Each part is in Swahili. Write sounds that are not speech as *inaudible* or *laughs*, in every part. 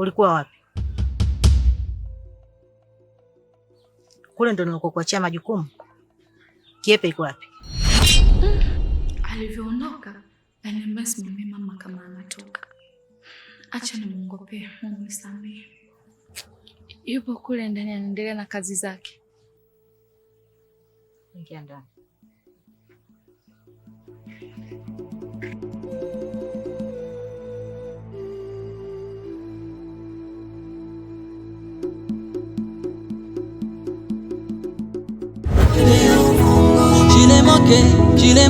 ulikuwa wapi? Kule ndo nilikokuachia majukumu. Kiepe iko wapi? Mm. Alivyoondoka aliniambia mama kama anatoka, acha nimwongopee, Mungu nisamehe. Yupo kule ndani anaendelea na kazi zake. Ingia ndani. manqué, tu l'es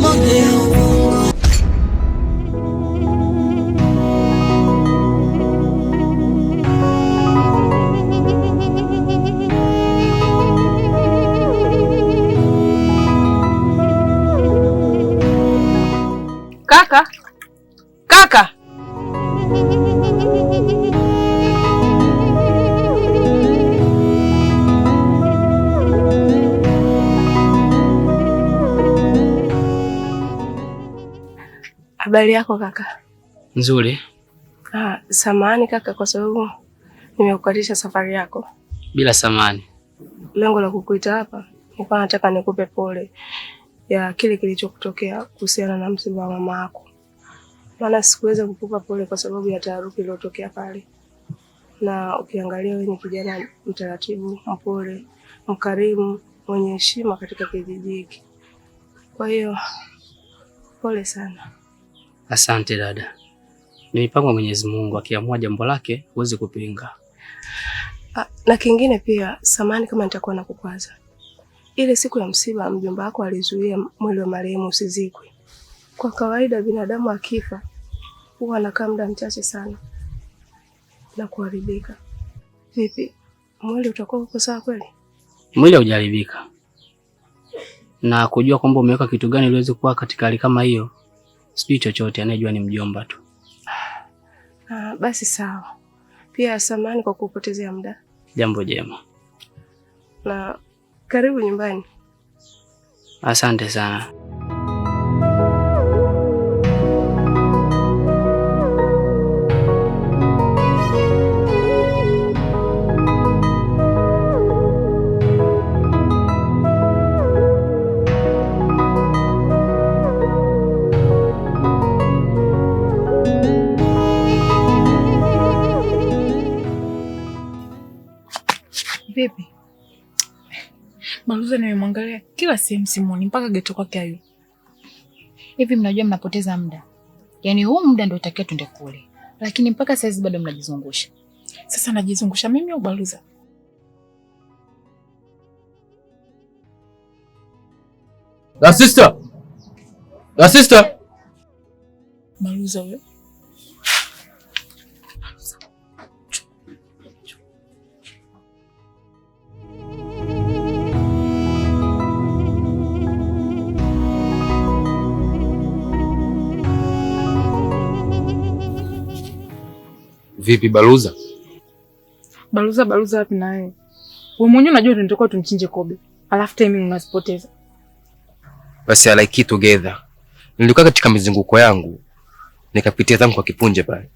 Caca! Caca! Habari yako kaka? Nzuri. Ah, samahani kaka kwa sababu nimekukatisha safari yako. Bila samahani. Lengo la kukuita hapa nilikuwa nataka nikupe pole ya kile kilichokutokea kuhusiana na msiba wa mama yako. Maana sikuweza kukupa pole kwa sababu ya taharuki iliyotokea pale. Na ukiangalia wewe ni kijana mtaratibu, mpole, mkarimu, mwenye heshima katika kijiji hiki. Kwa hiyo pole sana. Asante dada, ni mipango ya Mwenyezi Mungu, akiamua jambo lake huwezi kupinga. A, ah, na kingine pia, samani kama nitakuwa nakukwaza. Ile siku ya msiba mjomba wako alizuia mwili wa marehemu usizikwe. Kwa kawaida binadamu akifa huwa anakaa muda mchache sana na kuharibika. Vipi, mwili utakuwa uko sawa kweli? Mwili haujaharibika, na kujua kwamba umeweka kitu gani iliweze kuwa katika hali kama hiyo sijui chochote, anayejua ni mjomba tu. Ah, basi sawa. Pia samahani kwa kupotezea muda. Jambo jema, na karibu nyumbani. Asante sana. vipi? Baruza nimemwangalia kila sehemu Simoni mpaka geto kwake ayu. Hivi mnajua mnapoteza muda. Yaani huu muda ndio utakia tuende kule. Lakini mpaka saizi bado mnajizungusha. Sasa najizungusha mimi au Baluza? La sister. La sister. Baruza wewe. Vipi Baluza? Baluza, Baluza wapi na wewe? Wewe mwenyewe unajua tunatakiwa tumchinje kobe. Alafu timing unazipoteza. Basi I like it together. Nilikuwa katika mizunguko yangu nikapitia zangu kwa kipunje pale.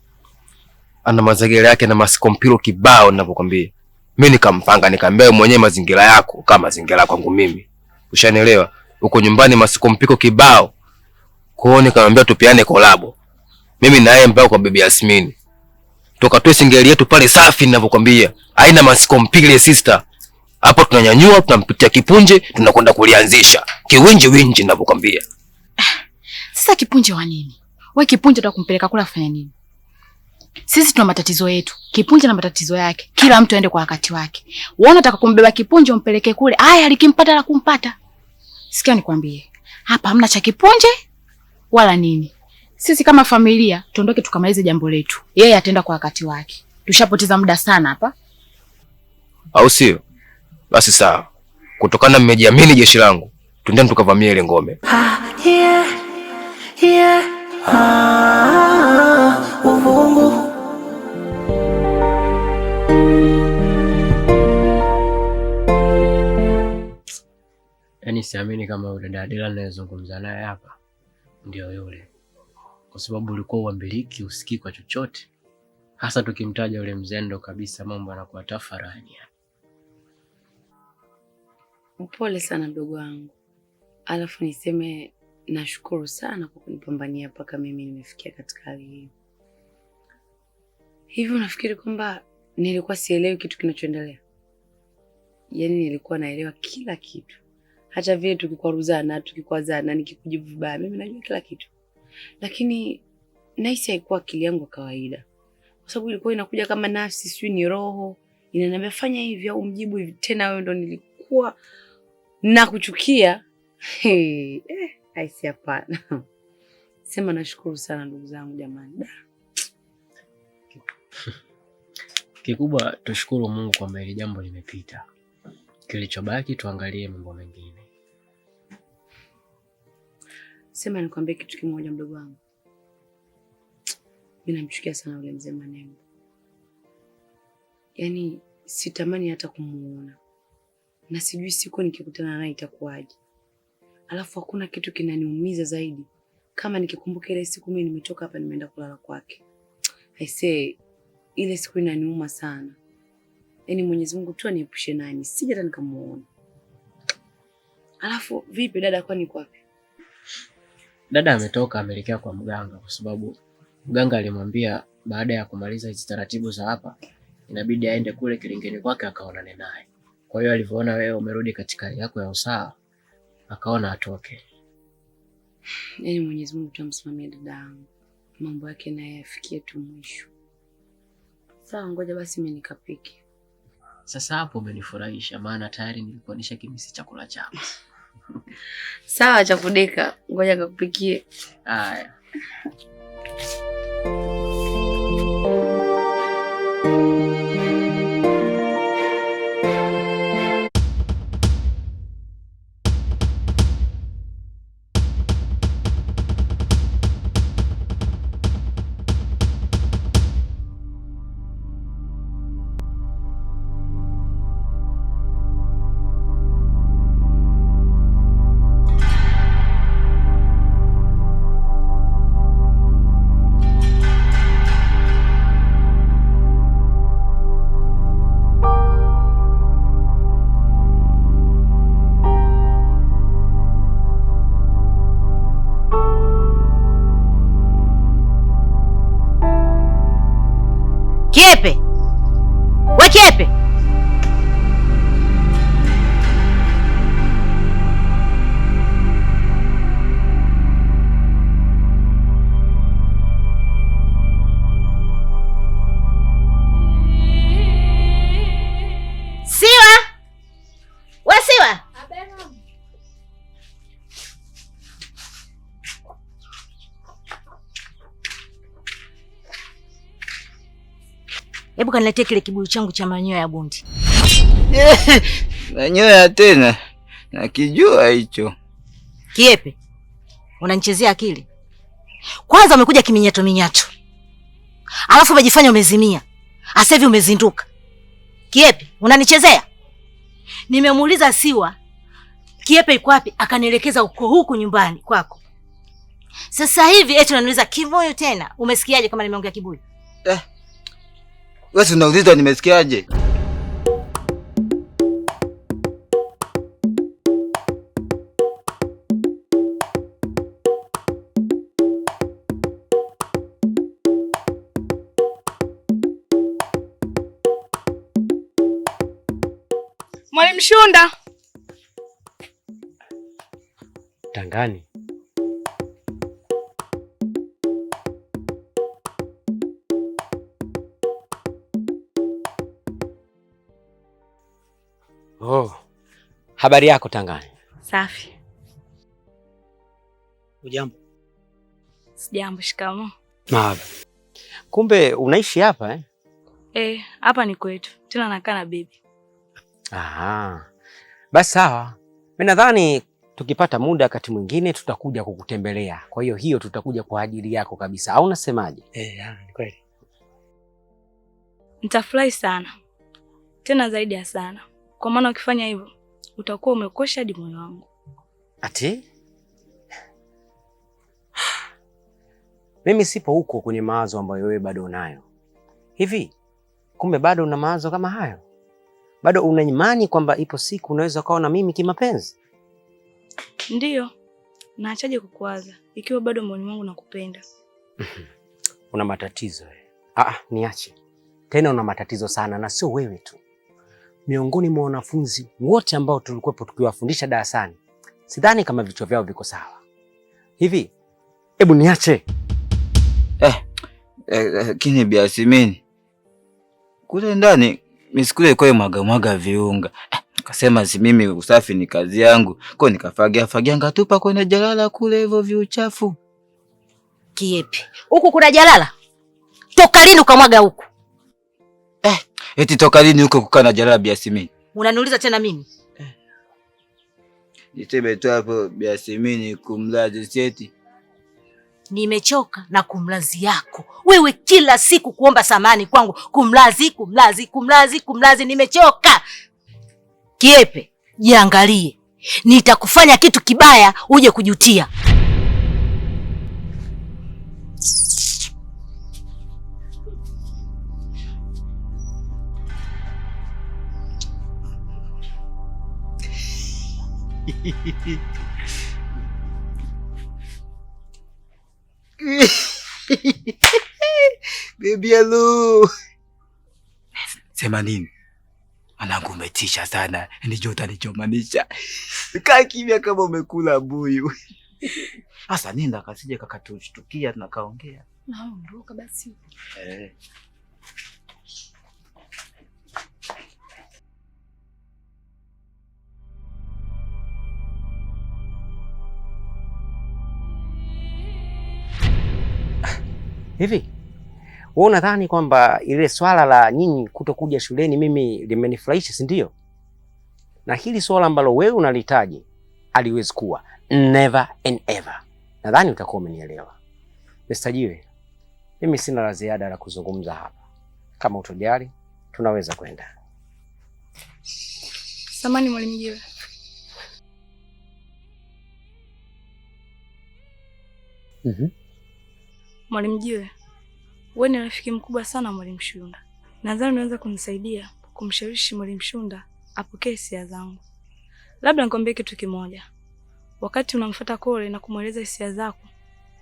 Ana mazingira yake na masikompiro kibao ninavyokuambia. Mimi nikampanga nikamwambia wewe mwenyewe mazingira yako kama mazingira kwangu mimi. Ushanielewa? Uko nyumbani masikompiko kibao. Kwa hiyo nikamwambia tupiane kolabo. Mimi na yeye mpaka kwa bibi Yasmini tukatoe singeli yetu pale safi, ninavyokwambia haina masikompile sister. Hapo tunanyanyua tunampitia kipunje, tunakwenda kulianzisha kiwinji winji, ninavyokwambia. *sighs* Sasa kipunje wa nini? Wewe kipunje kumpeleka kula fanya nini? Sisi tuna matatizo yetu, kipunje na matatizo yake. Kila mtu aende kwa wakati wake. Wewe unataka kumbeba kipunje umpeleke kule, aya alikimpata la kumpata. Sikia nikwambie, hapa hamna cha kipunje wala nini sisi kama familia tuondoke tukamalize jambo letu. Yeye ataenda kwa wakati wake, tushapoteza muda sana hapa, au sio? Basi sawa, kutokana mmejiamini jeshi langu, tuendeni tukavamia ile ngome. Ah, yeah, yeah. Ah, siamini kama yule dada anayezungumza naye hapa ndio yule kwa sababu ulikuwa uambiliki usikii kwa chochote, hasa tukimtaja yule mzendo kabisa, mambo yanakuwa tafarani. Upole sana mdogo wangu, alafu niseme nashukuru sana kwa kunipambania mpaka mimi nimefikia katika hali hii. Hivi unafikiri kwamba nilikuwa sielewi kitu kinachoendelea? Yaani nilikuwa naelewa kila kitu, hata vile tukikwaruzana, tukikwazana, nikikujibu vibaya, mimi najua kila kitu lakini Naisi haikuwa akili yangu ya kawaida, kwa sababu ilikuwa inakuja kama nafsi, sijui ni roho inaniambia fanya hivi au mjibu hivi. Tena wewe ndo nilikuwa nakuchukia. kuchukia. *laughs* eh, hapana. *laughs* Sema nashukuru sana ndugu zangu, jamani. Kikubwa tushukuru Mungu kwamba hili jambo limepita, kilichobaki tuangalie mambo mengine. Sema nikwambie kitu kimoja, mdogo wangu, mimi namchukia sana yule mzee Manembo. Yaani sitamani hata kumuona, na sijui siku nikikutana naye itakuwaje. Alafu hakuna kitu kinaniumiza zaidi kama nikikumbuka ile siku mimi nimetoka hapa nimeenda kulala kwake. say ile siku inaniuma sana. Yaani Mwenyezi Mungu tu aniepushe naye, nisije hata nikamuona. Alafu vipi dada, kwani kwapi? Dada ametoka ameelekea kwa mganga, kwa sababu mganga alimwambia baada ya kumaliza hizi taratibu za hapa inabidi aende kule kilingeni kwake akaonane naye. Kwa hiyo alivyoona wewe umerudi katika hali yako ya usawa, akaona atoke. Yaani Mwenyezi Mungu tutamsimamia dada yangu, mambo yake naye afikie tu mwisho. Sawa, ngoja basi mimi nikapike. Sasa hapo umenifurahisha, maana tayari nilikuwa kimisi chakula chako. *laughs* Sawa, chakudeka, ngoja kakupikie. Haya. hebu kaniletea kile kibuyu changu cha manyoya ya bundi. *laughs* Manyoya tena? Nakijua hicho kiepe. Unanichezea akili? Kwanza umekuja kiminyato minyato, alafu umejifanya umezimia, asa hivi umezinduka. Kiepe unanichezea? Nimemuuliza Siwa kiepe iko wapi, akanielekeza uko huku nyumbani kwako. Sasa hivi eti unaniuliza kimoyo tena? Umesikiaje kama nimeongea kibuyu eh? Wewe si unauliza nimesikiaje? Mwalimu Shunda. Tangani. Oh, habari yako Tangani? Safi. Ujambo? Sijambo. Shikamoo. Kumbe unaishi hapa eh? Eh, hapa ni kwetu tena nakaa na bibi. Aha. Basi sawa, mimi nadhani tukipata muda wakati mwingine tutakuja kukutembelea. Kwa hiyo hiyo tutakuja kwa ajili yako kabisa, au unasemaje? Eh, ni kweli. Nitafurahi sana tena zaidi ya sana. Kwa maana ukifanya hivyo utakuwa umekosha hadi moyo wangu. Ati mimi sipo huko kwenye mawazo ambayo wewe bado unayo. Hivi kumbe bado una mawazo kama hayo? Bado una imani kwamba ipo siku unaweza ukawa na mimi kimapenzi? Ndiyo, naachaje kukuwaza ikiwa bado moyoni mwangu nakupenda. *laughs* Una matatizo eh? Ah, niache tena, una matatizo sana, na sio wewe tu miongoni mwa wanafunzi wote ambao tulikuwepo tukiwafundisha darasani, sidhani kama vichwa vyao viko sawa. Hivi hebu niache eh, eh, eh kini biasimini kule ndani misikule kwa mwaga mwaga viunga eh, kasema si mimi usafi ni kazi yangu, kwa nikafagia fagia ngatupa kwenye jalala kule hivyo viuchafu. Kiepi huku kuna jalala toka lini ukamwaga huku? Eti toka lini huko kukaa na Jalala Biasimini? Unaniuliza tena mimi? Eh. Niseme tu hapo Biasimini kumlazi seti Nimechoka na kumlazi yako wewe, kila siku kuomba samani kwangu, kumlazi kumlazi kumlazi kumlazi, nimechoka. Kiepe, jiangalie, nitakufanya kitu kibaya uje kujutia. Bibi Alu, sema nini? Anangu umetisha sana, ndicho utanichomanisha. Kaa kimya kama umekula buyu. Hasa nenda kasije kakatushtukia, tunakaongea. Naondoka basi. Eh. Hivi wewe unadhani kwamba ile swala la nyinyi kutokuja shuleni mimi limenifurahisha, si ndio? Na hili swala ambalo wewe unalihitaji aliwezi kuwa never and ever. Nadhani utakuwa umenielewa. Mr. Jiwe, mimi sina la ziada la kuzungumza hapa. Kama utojali, tunaweza kwenda. Samani mwalimu Jiwe. Mhm. Mm Mwalimu Jiwe, wewe ni rafiki mkubwa sana Mwalimu Shunda. Nadhani unaweza kunisaidia kumshawishi Mwalimu Shunda apokee hisia zangu. Labda nikwambie kitu kimoja, wakati unamfuata Kole na kumweleza hisia zako,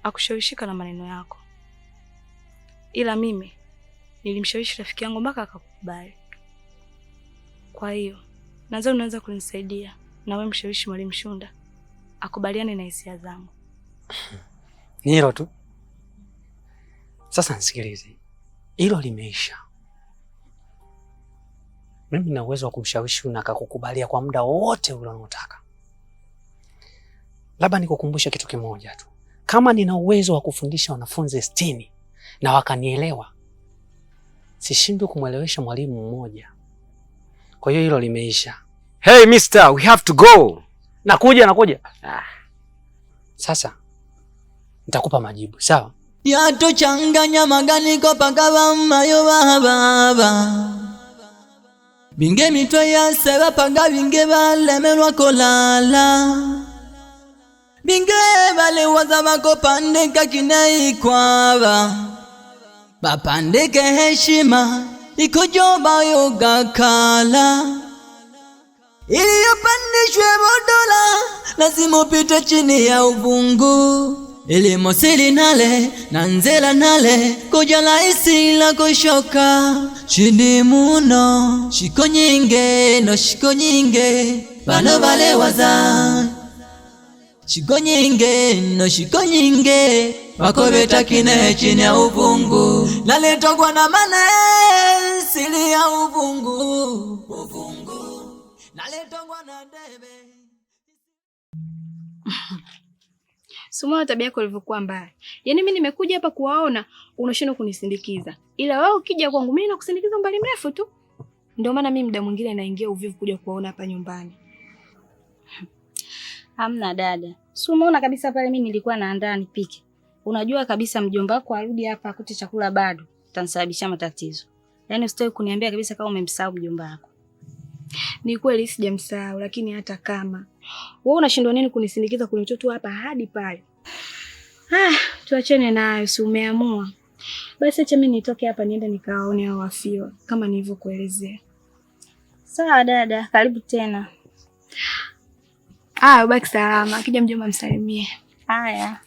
akushawishika na maneno yako, ila mimi nilimshawishi rafiki yangu mpaka akakubali. Kwa hiyo nadhani unaweza kunisaidia na wewe mshawishi Mwalimu Shunda akubaliane na hisia zangu. Ni hilo tu. Sasa nisikilize, hilo limeisha. Mimi na uwezo wa kumshawishi na akakukubalia kwa muda wote ule unaotaka. Labda nikukumbushe kitu kimoja tu, kama nina uwezo wa kufundisha wanafunzi sitini na wakanielewa, sishindwi kumwelewesha mwalimu mmoja. Kwa hiyo hilo limeisha. Hey mister, we have to go. Nakuja nakuja. Ah. Sasa nitakupa majibu sawa? yatochanganya maganiko pagaba mayo bababa binge mitwe yaseba paga binge balemelwa kolala binge balewaza bakopandika kinai kwaba bapandike heshima ikojoba yogakala iliyopandishwe bodola lazima upite chini ya uvungu ilimosili nale na nzela nale kuja laisi la kushoka chini muno shiko nyinge no shiko nyinge bano waza shiko nyinge no shiko nyinge wakobeta kine chini ya uvungu togwa na mane sili ya uvungu uvungu togwa na debe Simuona tabia yako ilivyokuwa mbaya. Yaani mimi nimekuja hapa kuwaona unashindwa kunisindikiza. Ila wewe ukija kwangu mimi nakusindikiza mbali mrefu tu. Ndio maana mimi muda mwingine naingia uvivu kuja kuwaona hapa nyumbani. Hamna dada. Si umeona kabisa pale mimi nilikuwa naandaa nipike. Unajua kabisa mjomba wako arudi hapa akute chakula bado utanisababishia matatizo. Yaani usitaki kuniambia kabisa kama umemsahau mjomba wako. Ni kweli sijamsahau, lakini hata kama wewe unashindwa nini kunisindikiza kunichotu hapa hadi pale Ah, tuachane nayo, si umeamua? Basi acha mimi nitoke hapa niende nikawaone hao wafiwa kama nilivyokuelezea. Sawa dada, karibu tena. Ah, ubaki salama. Akija mjomba msalimie. Haya.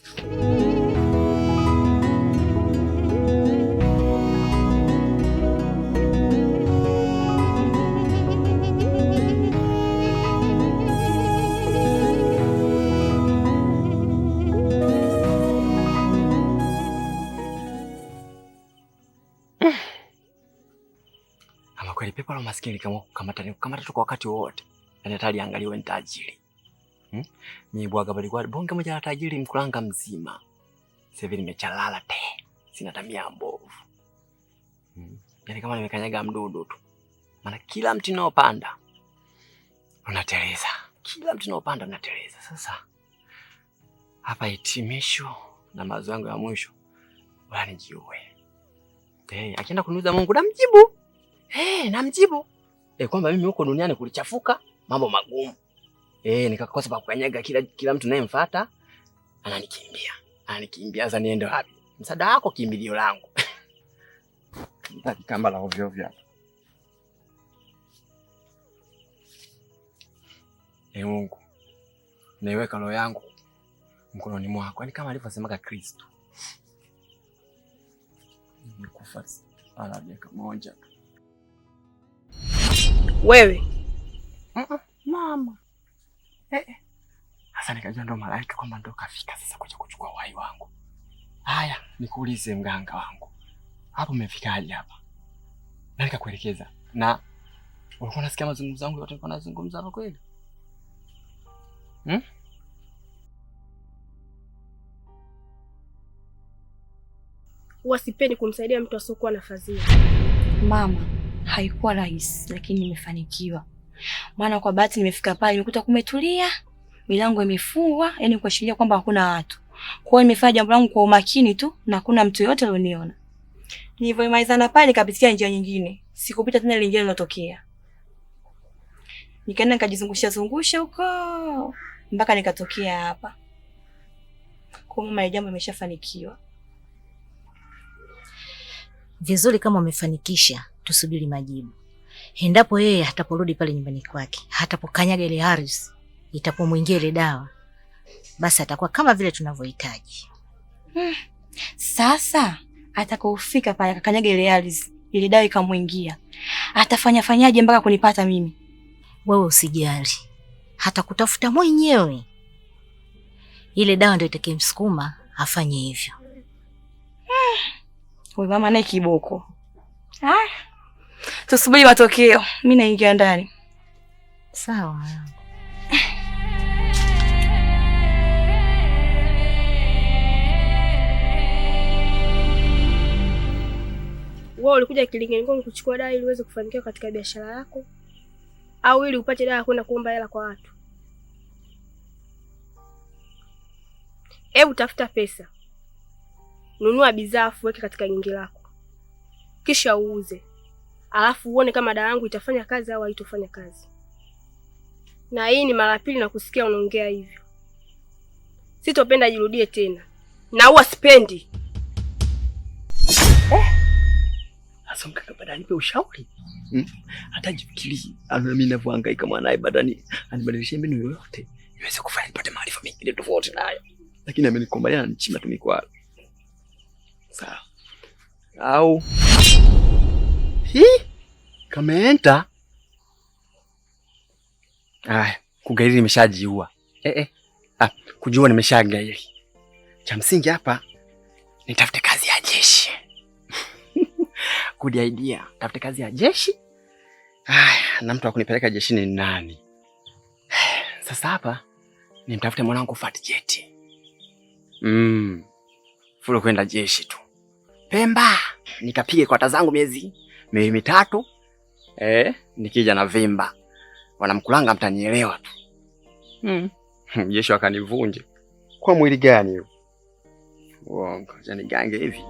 ukalipepwa la maskini kama kamata kamata tu kwa wakati wote, yani hatari angaliwe ni tajiri hmm? Ni bwaga bali kwa bonge moja la tajiri mkulanga mzima, sasa hivi nimechalala te, sina tamia mbovu hmm? Yani kama nimekanyaga mdudu tu, maana kila mti unaopanda unateleza, kila mti unaopanda unateleza. Sasa hapa hitimisho na mawazo yangu ya mwisho, wala nijue hey, akienda kuniuza Mungu na mjibu hey, eh, namjibu hey, eh, kwamba mimi huko duniani kulichafuka mambo magumu hey, eh, nikakosa pa kukanyaga, kila, kila mtu nayemfuata ananikimbia ananikimbia. Sasa niende wapi? Msaada wako kimbilio langu *laughs* kamba la ovyo ovyo Ee Mungu, naiweka roho yangu mkononi mwako, yaani kama alivyosemaka Kristo, nikufa alaja kamoja wewe Mama eh, eh. sasa eh, nikajua ndo malaika kwamba ndo kafika sasa kuja kuchukua uhai wangu. Haya, nikuulize mganga wangu, hapo umefikaje hapa? Na nikakuelekeza na ulikuwa unasikia mazungumzo yangu yote nilikuwa nazungumza hapa kweli hmm? kumsaidia mtu asiokuwa na fadhila mama haikuwa rahisi, lakini nimefanikiwa. Maana kwa bahati nimefika pale, nimekuta kumetulia, milango imefungwa, yani kuashiria kwamba hakuna watu. Kwa hiyo nimefanya jambo langu kwa umakini tu na hakuna mtu yoyote alioniona. Nilivyoimalizana pale, nikapitia njia nyingine, sikupita tena ile njia iliyotokea. Nikaenda nikajizungusha zungusha huko mpaka nikatokea hapa. Kwa mama, jambo imeshafanikiwa vizuri. Kama umefanikisha tusubiri majibu. Endapo yeye hataporudi pale nyumbani kwake, hatapokanyaga ile ardhi, itapomwingia ile dawa, basi atakuwa kama vile tunavyohitaji. Hmm. Sasa atakofika pale akakanyaga ile ardhi, ile dawa ikamwingia, atafanya fanyaje mpaka kunipata mimi? Wewe usijali, hatakutafuta mwenyewe. Ile dawa ndio itakayemsukuma afanye hivyo. Hmm. Huyu mama naye kiboko. Ah tusubiri matokeo. Mimi naingia ndani. Sawa. Wewe ulikuja Kilingeni kwangu kuchukua dai ili uweze kufanikiwa katika biashara yako au ili upate dawa ya kwenda kuomba hela kwa watu? Hebu tafuta pesa, nunua bidhaa afu weke katika gingi lako, kisha uuze alafu uone kama dawa yangu itafanya kazi au haitofanya kazi. Na hii ni mara pili nakusikia unaongea hivyo, sitopenda jirudie tena, na huwa sipendi eh. Sasa mkaka, nipe ushauri hmm? hata jifikiri mimi ninavyohangaika mwanae, badani ni anibadilishie mbinu yoyote niweze kufanya nipate maarifa mengine tofauti nayo, lakini amenikubaliana na nichima tumikwala sawa au hii kameenta. Aya, kugairi nimeshajiua. Eh, eh. Ah, kujiua nimeshagairi. Cha msingi hapa nitafute kazi ya jeshi. *laughs* Good idea. Tafute kazi ya jeshi. Aya, na mtu akunipeleka jeshini ni nani? *sighs* Sasa hapa nimtafute mwanangu Fatjet. Mm. Fulu kwenda jeshi tu. Pemba, nikapige kwata zangu miezi miezi mitatu eh? eh, nikija na vimba wanamkulanga, mtanielewa tu mm. Jeshi akanivunje kwa mwili gani huo? Uongo, janigange hivi.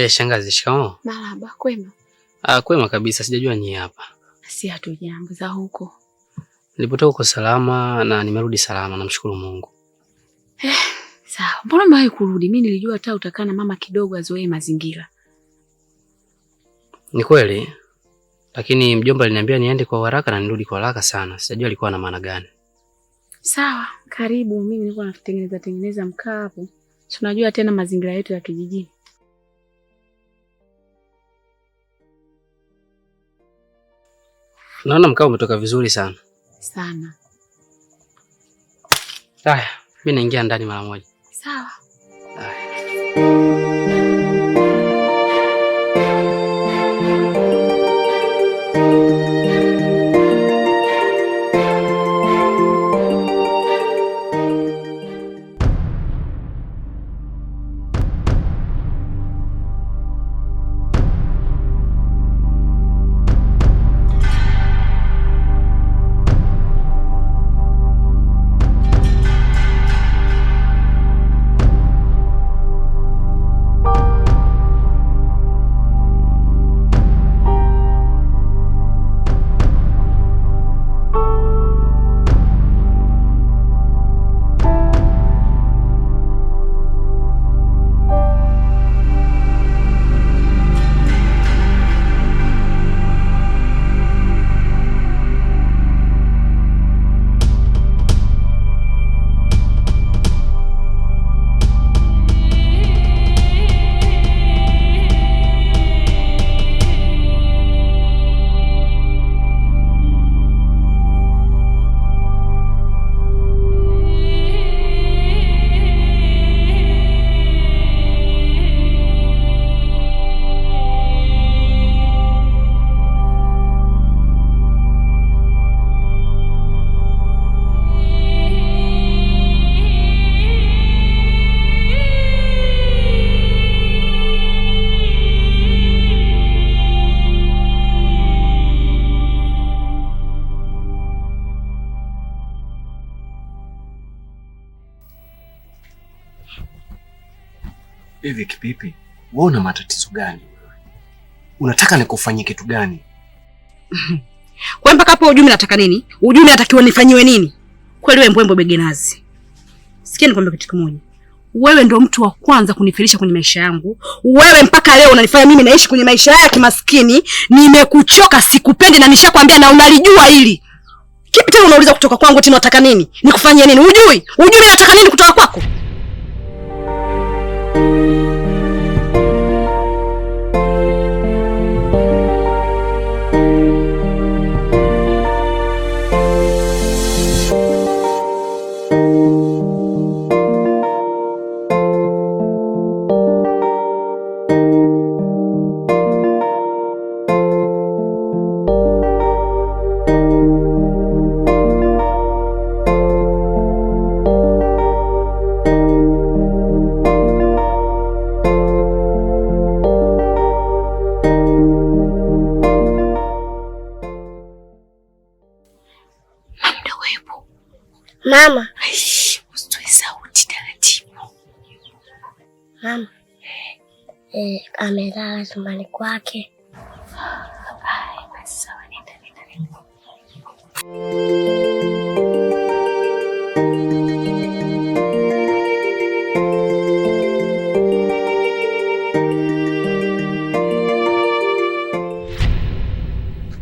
Hey, shangazi, shikamoo. Marahaba, kwema? Ah, kwema kabisa, sijajua ni hapa. Si hatu jambo za huko. Nilipotoka huko salama na nimerudi salama, namshukuru Mungu. Eh, sawa. Mbona mbaya kurudi? Mimi nilijua hata utakaa na mama kidogo azoee mazingira. Ni kweli. Lakini mjomba aliniambia niende kwa haraka na nirudi kwa haraka sana. Sijajua alikuwa na maana gani. Sawa, karibu. Mimi nilikuwa natengeneza tengeneza mkaa hapo. Tunajua tena mazingira yetu ya kijijini. Naona mkao umetoka vizuri sana sana. Haya, mimi naingia ndani mara moja. Sawa. Haya. Hivi Kipipi, wewe una matatizo gani? Unataka nikufanyie kitu gani? *laughs* Kwa mpaka hapo ujumbe nataka nini? Ujumbe natakiwa nifanyiwe nini? Kweli wewe mbwembwe begenazi. Sikia nikwambia kitu kimoja. Wewe ndo mtu wa kwanza kunifilisha kwenye maisha yangu. Wewe mpaka leo unanifanya mimi naishi kwenye maisha haya kimaskini. Nimekuchoka, sikupendi na nishakwambia na unalijua hili. Kipi tena unauliza kutoka kwangu tena unataka nini? Nikufanyie nini? Ujui? Ujui nataka nini kutoka kwako? Thank you. amelala chumbani kwake.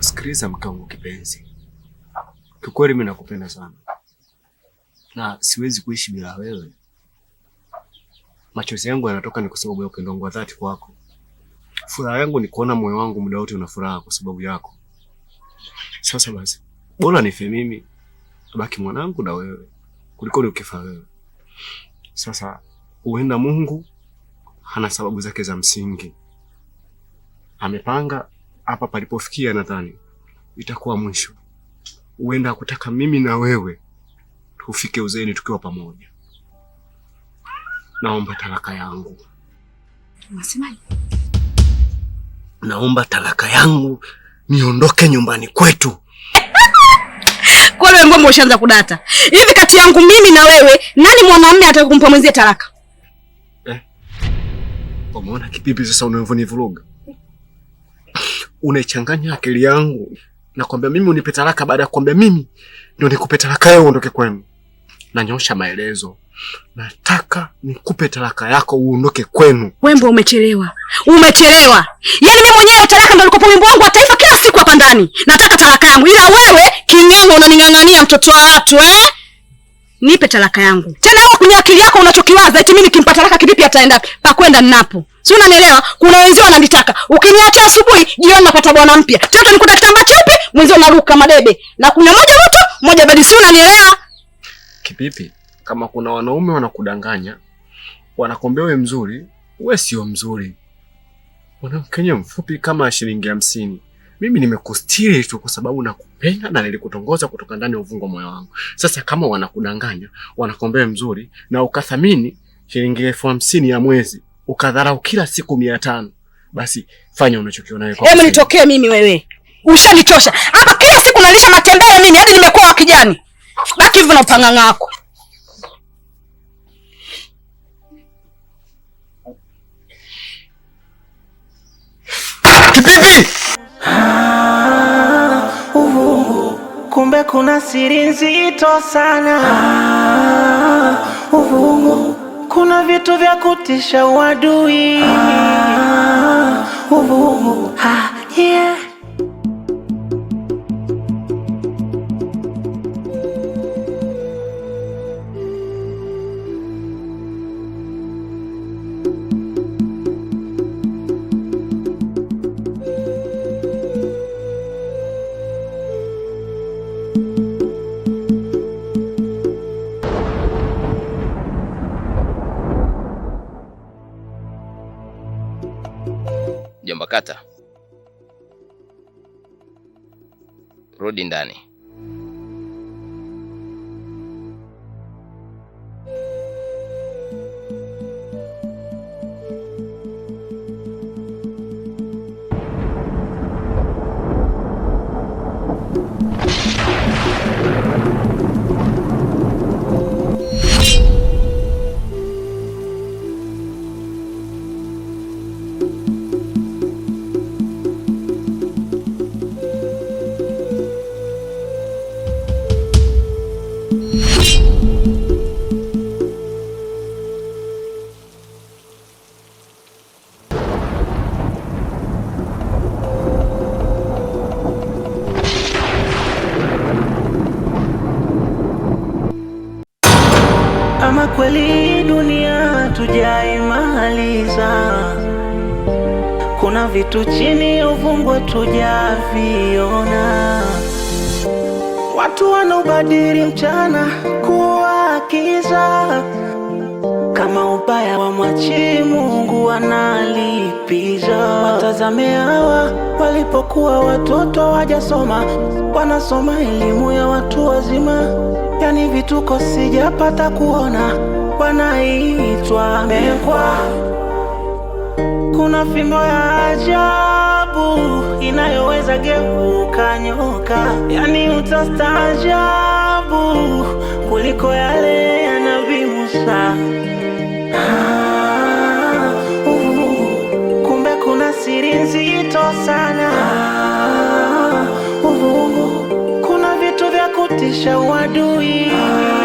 Sikiliza mkangu kipenzi, kikweli mimi nakupenda sana na siwezi kuishi bila wewe. Machozi yangu yanatoka ni kwa sababu ya upendo wangu wa dhati kwako furaha yangu ni kuona moyo wangu muda wote una furaha kwa sababu yako. Sasa basi, bora nife mimi baki mwanangu na wewe kuliko ni ukifa wewe. Sasa uenda Mungu hana sababu zake za msingi, amepanga hapa palipofikia, nadhani itakuwa mwisho. uenda akutaka mimi na wewe tufike uzeeni tukiwa pamoja. Naomba talaka yangu. Unasemaje? naomba talaka yangu niondoke nyumbani kwetu. Kwani mbona ushaanza kudata hivi? Kati yangu mimi na wewe, nani mwanamume atakumpa mwenzie talaka eh? Umeona kipipi sasa unavyonivuruga, unaichanganya akili yangu. Nakwambia mimi unipe talaka, baada ya kukwambia mimi ndio nikupe talaka, wewe uondoke kwenu. Nanyosha maelezo Nataka nikupe talaka yako uondoke kwenu. Wembo, umechelewa, umechelewa. Yaani mimi mwenyewe talaka ndo niko wimbo wangu wa taifa kila siku hapa ndani. Nataka talaka yangu, ila wewe kinyongo unaning'ang'ania mtoto wa watu eh? Nipe talaka yangu tena. Wewe kwenye akili yako unachokiwaza eti mimi nikimpa talaka kivipi ataenda pa kwenda ninapo? Si unanielewa? Kuna wenzio wananitaka, ukiniacha asubuhi, jioni napata bwana mpya, chote nikuta kitambaa cheupe, mwenzio naruka madebe na kuna moja moto moja badi. Si unanielewa? Kipipi kama kuna wanaume wanakudanganya, wanakwambia wewe mzuri, we sio mzuri, mwanamkenya mfupi kama shilingi hamsini. Mimi nimekustiri tu kwa sababu nakupenda na nilikutongoza kutoka ndani ya uvungo moyo wangu. Sasa kama wanakudanganya, wanakwambia mzuri na ukathamini shilingi elfu hamsini ya mwezi, ukadharau kila siku mia tano, basi fanya unachokiona wewe. Hebu nitokee mimi wewe. Ushanichosha. Hapa kila siku unalisha matembele mimi hadi nimekuwa kijani. Baki hivyo na upanga wako. kuna siri nzito sana ah, uvungu. Kuna vitu vya kutisha uadui ah, uvungu ah. vitu chini uvungu tujaviona, watu wanaobadili mchana kuwa kiza, kama ubaya wa mwachi Mungu wanalipiza. Watazame hawa walipokuwa watoto wajasoma, wanasoma elimu ya watu wazima, yani vituko sijapata kuona, wanaitwa mekwa kuna fimbo ya ajabu inayoweza geuka nyoka, yani utastaajabu kuliko yale ya ah, uh, kumbe kuna siri nzito sana. Ah, uh, uh, kuna vitu vya kutisha uadui.